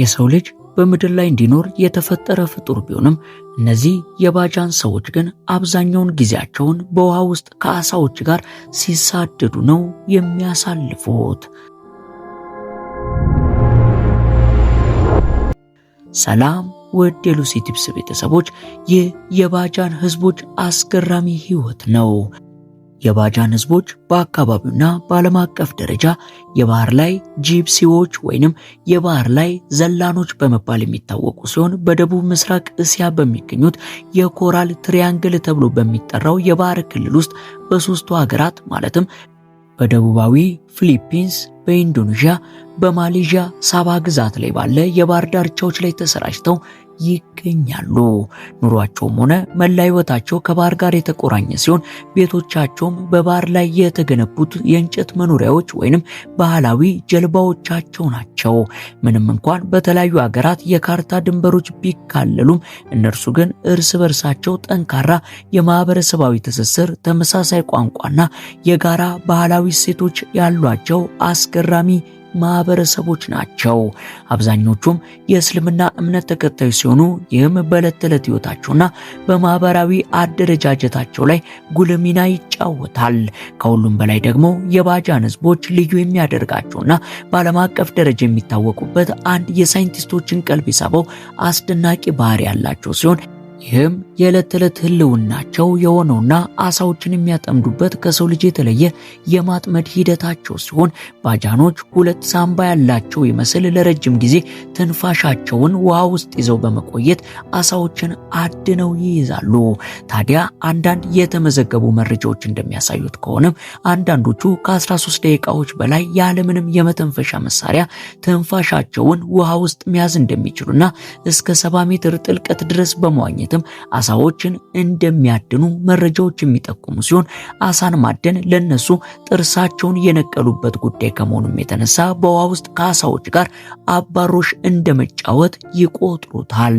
የሰው ልጅ በምድር ላይ እንዲኖር የተፈጠረ ፍጡር ቢሆንም እነዚህ የባጃን ሰዎች ግን አብዛኛውን ጊዜያቸውን በውሃ ውስጥ ከአሳዎች ጋር ሲሳደዱ ነው የሚያሳልፉት። ሰላም ውድ የሉሲ ቲፕስ ቤተሰቦች፣ ይህ የባጃን ህዝቦች አስገራሚ ህይወት ነው። የባጃን ህዝቦች በአካባቢውና በዓለም አቀፍ ደረጃ የባህር ላይ ጂፕሲዎች ወይንም የባህር ላይ ዘላኖች በመባል የሚታወቁ ሲሆን በደቡብ ምስራቅ እስያ በሚገኙት የኮራል ትሪያንግል ተብሎ በሚጠራው የባህር ክልል ውስጥ በሶስቱ ሀገራት ማለትም በደቡባዊ ፊሊፒንስ፣ በኢንዶኔዥያ፣ በማሌዥያ ሳባ ግዛት ላይ ባለ የባህር ዳርቻዎች ላይ ተሰራጭተው ይገኛሉ። ኑሯቸውም ሆነ መላ ሕይወታቸው ከባህር ጋር የተቆራኘ ሲሆን ቤቶቻቸውም በባህር ላይ የተገነቡት የእንጨት መኖሪያዎች ወይንም ባህላዊ ጀልባዎቻቸው ናቸው። ምንም እንኳን በተለያዩ ሀገራት የካርታ ድንበሮች ቢካለሉም እነርሱ ግን እርስ በርሳቸው ጠንካራ የማህበረሰባዊ ትስስር፣ ተመሳሳይ ቋንቋና የጋራ ባህላዊ እሴቶች ያሏቸው አስገራሚ ማህበረሰቦች ናቸው። አብዛኞቹም የእስልምና እምነት ተከታዮች ሲሆኑ ይህም በዕለት ተዕለት ህይወታቸውና በማህበራዊ አደረጃጀታቸው ላይ ጉልህ ሚና ይጫወታል። ከሁሉም በላይ ደግሞ የባጃን ህዝቦች ልዩ የሚያደርጋቸውና በዓለም አቀፍ ደረጃ የሚታወቁበት አንድ የሳይንቲስቶችን ቀልብ የሳበው አስደናቂ ባህሪ ያላቸው ሲሆን ይህም የዕለት ተዕለት ህልውናቸው የሆነውና አሳዎችን የሚያጠምዱበት ከሰው ልጅ የተለየ የማጥመድ ሂደታቸው ሲሆን ባጃኖች ሁለት ሳምባ ያላቸው ይመስል ለረጅም ጊዜ ትንፋሻቸውን ውሃ ውስጥ ይዘው በመቆየት አሳዎችን አድነው ይይዛሉ። ታዲያ አንዳንድ የተመዘገቡ መረጃዎች እንደሚያሳዩት ከሆነም አንዳንዶቹ ከ13 ደቂቃዎች በላይ ያለምንም የመተንፈሻ መሳሪያ ትንፋሻቸውን ውሃ ውስጥ መያዝ እንደሚችሉና እስከ ሰባ ሜትር ጥልቀት ድረስ በመዋኘት በማለትም አሳዎችን እንደሚያድኑ መረጃዎች የሚጠቁሙ ሲሆን አሳን ማደን ለነሱ ጥርሳቸውን የነቀሉበት ጉዳይ ከመሆኑም የተነሳ በውሃ ውስጥ ከአሳዎች ጋር አባሮሽ እንደመጫወት ይቆጥሩታል።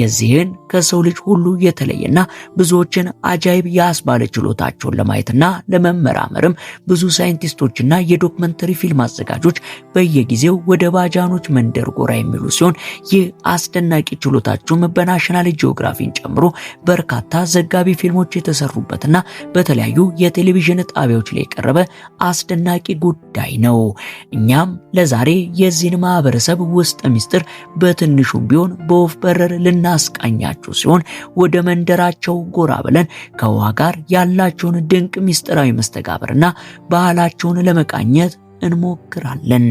የዚህን ከሰው ልጅ ሁሉ የተለየና ብዙዎችን አጃይብ ያስባለ ችሎታቸውን ለማየትና ለመመራመርም ብዙ ሳይንቲስቶችና የዶክመንተሪ ፊልም አዘጋጆች በየጊዜው ወደ ባጃኖች መንደር ጎራ የሚሉ ሲሆን ይህ አስደናቂ ችሎታቸውም በናሽናል ጂኦግራፊ ፎቶግራፊን ጨምሮ በርካታ ዘጋቢ ፊልሞች የተሰሩበትና በተለያዩ የቴሌቪዥን ጣቢያዎች ላይ የቀረበ አስደናቂ ጉዳይ ነው። እኛም ለዛሬ የዚህን ማህበረሰብ ውስጥ ሚስጥር በትንሹም ቢሆን በወፍ በረር ልናስቃኛችሁ ሲሆን ወደ መንደራቸው ጎራ ብለን ከውሃ ጋር ያላቸውን ድንቅ ሚስጥራዊ መስተጋብርና ባህላቸውን ለመቃኘት እንሞክራለን።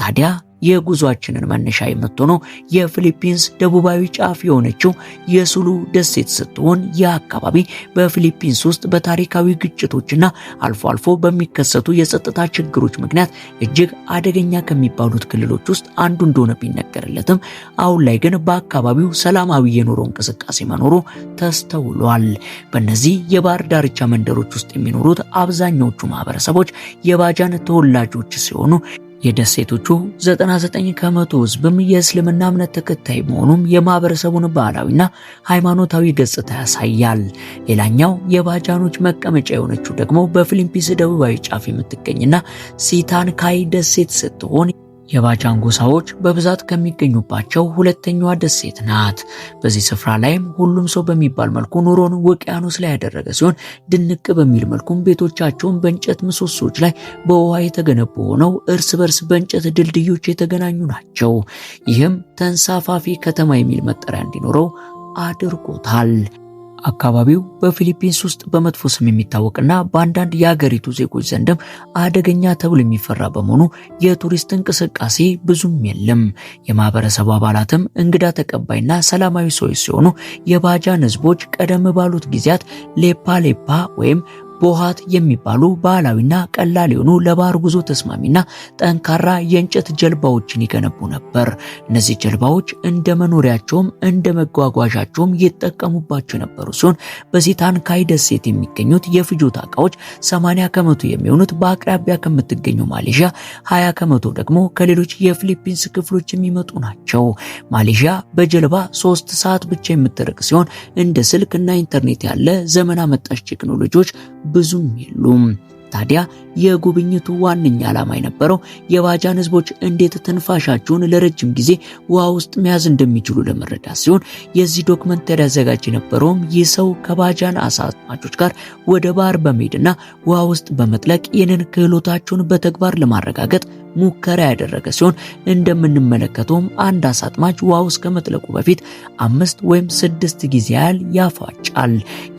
ታዲያ የጉዟችንን መነሻ የምትሆነው የፊሊፒንስ ደቡባዊ ጫፍ የሆነችው የሱሉ ደሴት ስትሆን ይህ አካባቢ በፊሊፒንስ ውስጥ በታሪካዊ ግጭቶችና አልፎ አልፎ በሚከሰቱ የጸጥታ ችግሮች ምክንያት እጅግ አደገኛ ከሚባሉት ክልሎች ውስጥ አንዱ እንደሆነ ቢነገርለትም አሁን ላይ ግን በአካባቢው ሰላማዊ የኑሮ እንቅስቃሴ መኖሩ ተስተውሏል። በእነዚህ የባህር ዳርቻ መንደሮች ውስጥ የሚኖሩት አብዛኛዎቹ ማህበረሰቦች የባጃን ተወላጆች ሲሆኑ የደሴቶቹ 99 ከመቶ ህዝብም የእስልምና እምነት ተከታይ መሆኑም የማህበረሰቡን ባህላዊና ሃይማኖታዊ ገጽታ ያሳያል። ሌላኛው የባጃኖች መቀመጫ የሆነችው ደግሞ በፊሊፒንስ ደቡባዊ ጫፍ የምትገኝና ሲታንካይ ደሴት ስትሆን የባጃን ጎሳዎች በብዛት ከሚገኙባቸው ሁለተኛዋ ደሴት ናት። በዚህ ስፍራ ላይም ሁሉም ሰው በሚባል መልኩ ኑሮን ውቅያኖስ ላይ ያደረገ ሲሆን ድንቅ በሚል መልኩም ቤቶቻቸውን በእንጨት ምሰሶች ላይ በውሃ የተገነቡ ሆነው እርስ በርስ በእንጨት ድልድዮች የተገናኙ ናቸው። ይህም ተንሳፋፊ ከተማ የሚል መጠሪያ እንዲኖረው አድርጎታል። አካባቢው በፊሊፒንስ ውስጥ በመጥፎ ስም የሚታወቅና በአንዳንድ የአገሪቱ ዜጎች ዘንድም አደገኛ ተብሎ የሚፈራ በመሆኑ የቱሪስት እንቅስቃሴ ብዙም የለም። የማህበረሰቡ አባላትም እንግዳ ተቀባይና ሰላማዊ ሰዎች ሲሆኑ የባጃን ህዝቦች ቀደም ባሉት ጊዜያት ሌፓ ሌፓ ወይም ቦሃት የሚባሉ ባህላዊና ቀላል የሆኑ ለባህር ጉዞ ተስማሚና ጠንካራ የእንጨት ጀልባዎችን ይገነቡ ነበር። እነዚህ ጀልባዎች እንደ መኖሪያቸውም እንደ መጓጓዣቸውም ይጠቀሙባቸው የነበሩ ሲሆን በዚህ ታንካይ ደሴት የሚገኙት የፍጆታ እቃዎች 80 ከመቶ የሚሆኑት በአቅራቢያ ከምትገኘው ማሌዥያ፣ 20 ከመቶ ደግሞ ከሌሎች የፊሊፒንስ ክፍሎች የሚመጡ ናቸው። ማሌዥያ በጀልባ ሶስት ሰዓት ብቻ የምትርቅ ሲሆን እንደ ስልክ እና ኢንተርኔት ያለ ዘመን አመጣሽ ቴክኖሎጂዎች ብዙም የሉም። ታዲያ የጉብኝቱ ዋነኛ ዓላማ የነበረው የባጃን ህዝቦች እንዴት ትንፋሻቸውን ለረጅም ጊዜ ውሃ ውስጥ መያዝ እንደሚችሉ ለመረዳት ሲሆን የዚህ ዶክመንተሪ አዘጋጅ የነበረውም ይህ ሰው ከባጃን አሳ አጥማጆች ጋር ወደ ባህር በመሄድና ውሃ ውስጥ በመጥለቅ ይህንን ክህሎታቸውን በተግባር ለማረጋገጥ ሙከራ ያደረገ ሲሆን እንደምንመለከተውም አንድ አሳ አጥማጅ ውሃ ውስጥ ከመጥለቁ በፊት አምስት ወይም ስድስት ጊዜ ያህል ያፏጫል።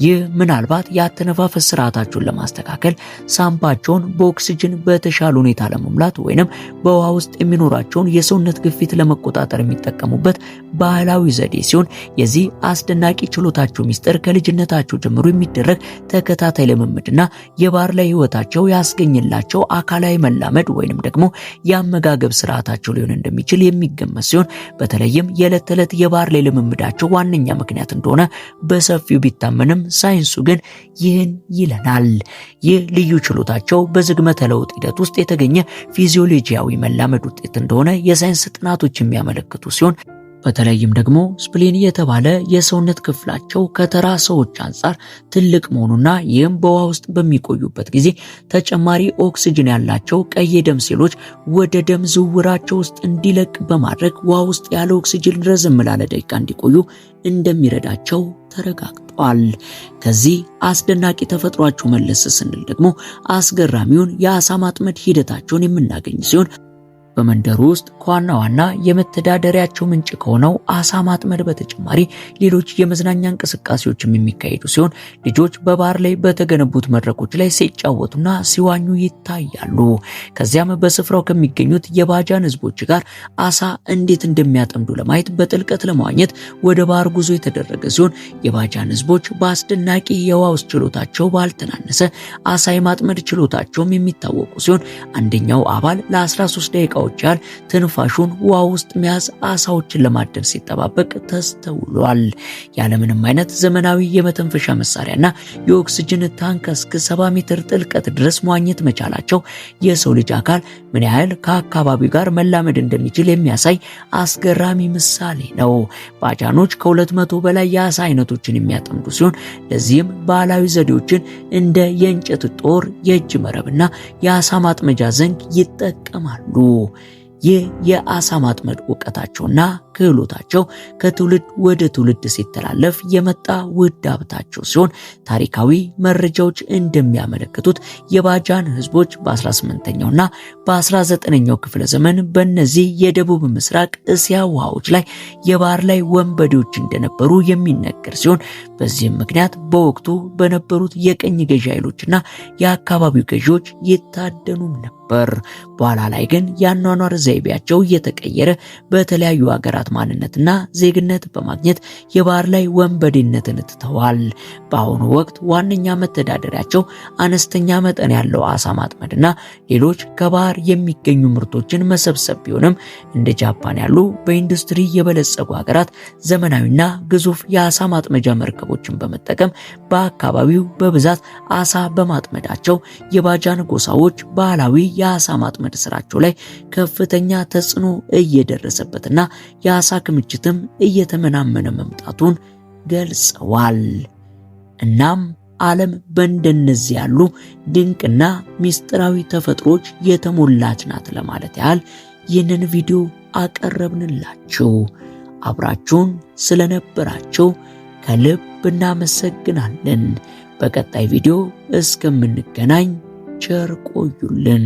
ይህ ምናልባት የአተነፋፈስ ስርዓታቸውን ለማስተካከል፣ ሳምባቸውን በኦክስጅን በተሻለ ሁኔታ ለመሙላት ወይንም በውሃ ውስጥ የሚኖራቸውን የሰውነት ግፊት ለመቆጣጠር የሚጠቀሙበት ባህላዊ ዘዴ ሲሆን የዚህ አስደናቂ ችሎታቸው ሚስጥር ከልጅነታቸው ጀምሮ የሚደረግ ተከታታይ ልምምድና የባህር ላይ ህይወታቸው ያስገኝላቸው አካላዊ መላመድ ወይንም ደግሞ የአመጋገብ ስርዓታቸው ሊሆን እንደሚችል የሚገመት ሲሆን በተለይም የዕለት ተዕለት የባህር ላይ ልምምዳቸው ዋነኛ ምክንያት እንደሆነ በሰፊው ቢታመንም ሳይንሱ ግን ይህን ይለናል። ይህ ልዩ ችሎታቸው በዝግመተ ለውጥ ሂደት ውስጥ የተገኘ ፊዚዮሎጂያዊ መላመድ ውጤት እንደሆነ የሳይንስ ጥናቶች የሚያመለክቱ ሲሆን በተለይም ደግሞ ስፕሊን የተባለ የሰውነት ክፍላቸው ከተራ ሰዎች አንጻር ትልቅ መሆኑና ይህም በውሃ ውስጥ በሚቆዩበት ጊዜ ተጨማሪ ኦክስጅን ያላቸው ቀይ የደም ሴሎች ወደ ደም ዝውውራቸው ውስጥ እንዲለቅ በማድረግ ውሃ ውስጥ ያለ ኦክስጅን ረዘም ላለ ደቂቃ እንዲቆዩ እንደሚረዳቸው ተረጋግጧል። ከዚህ አስደናቂ ተፈጥሯቸው መለስ ስንል ደግሞ አስገራሚውን የአሳ ማጥመድ ሂደታቸውን የምናገኝ ሲሆን በመንደሩ ውስጥ ከዋና ዋና የመተዳደሪያቸው ምንጭ ከሆነው አሳ ማጥመድ በተጨማሪ ሌሎች የመዝናኛ እንቅስቃሴዎችም የሚካሄዱ ሲሆን ልጆች በባህር ላይ በተገነቡት መድረኮች ላይ ሲጫወቱና ሲዋኙ ይታያሉ። ከዚያም በስፍራው ከሚገኙት የባጃን ህዝቦች ጋር አሳ እንዴት እንደሚያጠምዱ ለማየት በጥልቀት ለመዋኘት ወደ ባህር ጉዞ የተደረገ ሲሆን የባጃን ህዝቦች በአስደናቂ የውሃ ውስጥ ችሎታቸው ባልተናነሰ አሳ የማጥመድ ችሎታቸውም የሚታወቁ ሲሆን አንደኛው አባል ለ13 ደቂቃ ጀልባዎች ትንፋሹን ውሃ ውስጥ መያዝ አሳዎችን ለማደን ሲጠባበቅ ተስተውሏል። ያለምንም አይነት ዘመናዊ የመተንፈሻ መሳሪያና የኦክስጅን ታንክ እስከ 70 ሜትር ጥልቀት ድረስ መዋኘት መቻላቸው የሰው ልጅ አካል ምን ያህል ከአካባቢው ጋር መላመድ እንደሚችል የሚያሳይ አስገራሚ ምሳሌ ነው። ባጃኖች ከሁለት መቶ በላይ የአሳ አይነቶችን የሚያጠምዱ ሲሆን ለዚህም ባህላዊ ዘዴዎችን እንደ የእንጨት ጦር፣ የእጅ መረብና የአሳ ማጥመጃ ዘንግ ይጠቀማሉ። ይህ የአሳ ማጥመድ እውቀታቸውና ክህሎታቸው ከትውልድ ወደ ትውልድ ሲተላለፍ የመጣ ውድ ሀብታቸው ሲሆን ታሪካዊ መረጃዎች እንደሚያመለክቱት የባጃን ህዝቦች በ18ኛውና በ19ኛው ክፍለ ዘመን በእነዚህ የደቡብ ምስራቅ እስያ ውሃዎች ላይ የባህር ላይ ወንበዴዎች እንደነበሩ የሚነገር ሲሆን በዚህም ምክንያት በወቅቱ በነበሩት የቀኝ ገዢ ኃይሎችና የአካባቢው ገዢዎች ይታደኑም ነበር። በኋላ ላይ ግን የአኗኗር ዘይቤያቸው እየተቀየረ በተለያዩ ሀገራት የመጣት ማንነትና ዜግነት በማግኘት የባህር ላይ ወንበዴነትን ትተዋል። በአሁኑ ወቅት ዋነኛ መተዳደሪያቸው አነስተኛ መጠን ያለው አሳ ማጥመድና ሌሎች ከባህር የሚገኙ ምርቶችን መሰብሰብ ቢሆንም እንደ ጃፓን ያሉ በኢንዱስትሪ የበለጸጉ ሀገራት ዘመናዊና ግዙፍ የአሳ ማጥመጃ መርከቦችን በመጠቀም በአካባቢው በብዛት አሳ በማጥመዳቸው የባጃን ጎሳዎች ባህላዊ የአሳ ማጥመድ ስራቸው ላይ ከፍተኛ ተጽዕኖ እየደረሰበትና የዓሣ ክምችትም እየተመናመነ መምጣቱን ገልጸዋል። እናም ዓለም በእንደነዚህ ያሉ ድንቅና ምስጢራዊ ተፈጥሮች የተሞላች ናት ለማለት ያህል ይህንን ቪዲዮ አቀረብንላችሁ። አብራችሁን ስለነበራችሁ ከልብ እናመሰግናለን። በቀጣይ ቪዲዮ እስከምንገናኝ ቸር ቆዩልን።